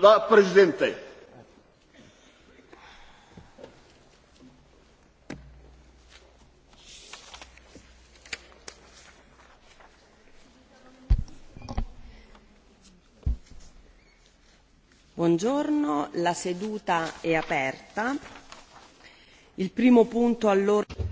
La Presidente. Buongiorno, la seduta è aperta. Il primo punto all'ordine